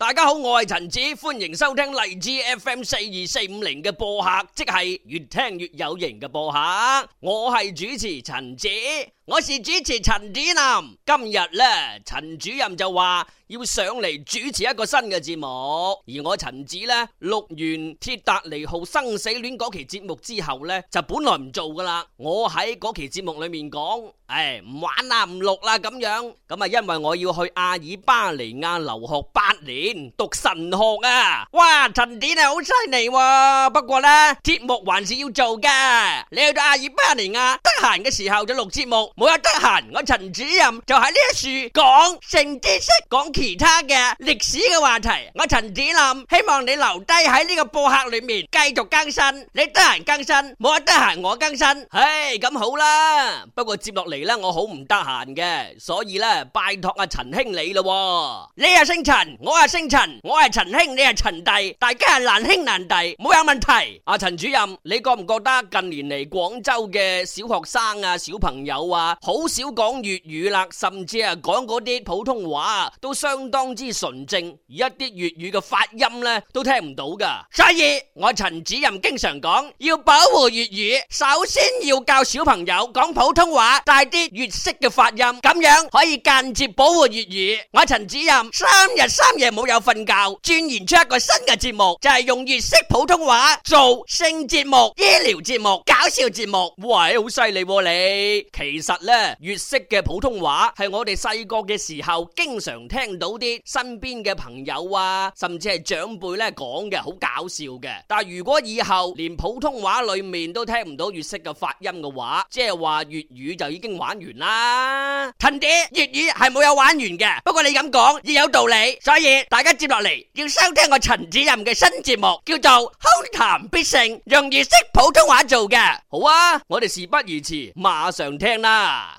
大家好，我係陳子，歡迎收聽荔枝 FM 四二四五零嘅播客，即係越聽越有型嘅播客。我是主持陳子，我是主持陳子南。今日呢，陳主任就話要上嚟主持一個新嘅節目。而我陳子呢，錄完《鐵達尼號生死戀》嗰期節目之後呢，就本來唔做噶啦。我喺嗰期節目裏面講。唉，唔玩啦，唔錄啦，咁樣咁啊，因為我要去阿爾巴尼亞留學八年讀神學啊！哇，陳子係好犀利，不過咧節目還是要做嘅。你去到阿爾巴尼亞得閒嘅時候就錄節目，冇得閒，我陳主任就喺呢一度講，性知識，講其他嘅歷史嘅話題。我陳子林希望你留低喺呢個播客裏面繼續更新，你得閒更新，冇得閒我更新。唉，咁好啦，不過接落嚟。我好唔得閒嘅，所以呢，拜託阿陳兄你咯。你啊姓陳，我係姓陳，我係陳兄，你係陳弟，大家係難兄難弟，冇有問題。阿陳主任，你覺唔覺得近年嚟廣州嘅小學生啊、小朋友啊，好少講粵語啦，甚至啊講嗰啲普通話、啊、都相當之純正，而一啲粵語嘅發音呢都聽唔到噶。所以，我陳主任經常講要保護粵語，首先要教小朋友講普通話，但啲粵式嘅發音，咁樣可以間接保護粵語。我陳主任三日三夜冇有瞓覺，鑽研出一個新嘅節目，就係、是、用粵式普通話做性節目、醫療節目、搞笑節目。喂，好犀利喎！你！其實呢，粵式嘅普通話係我哋細個嘅時候經常聽到啲身邊嘅朋友啊，甚至係長輩咧講嘅，好搞笑嘅。但係如果以後連普通話裏面都聽唔到粵式嘅發音嘅話，即係話粵語就已經。玩完啦，陳姐粵語係冇有玩完嘅，不過你咁講亦有道理，所以大家接落嚟要收聽我陳主任嘅新節目，叫做《空談必勝》，用粵式普通話做嘅，好啊，我哋事不宜遲，馬上聽啦。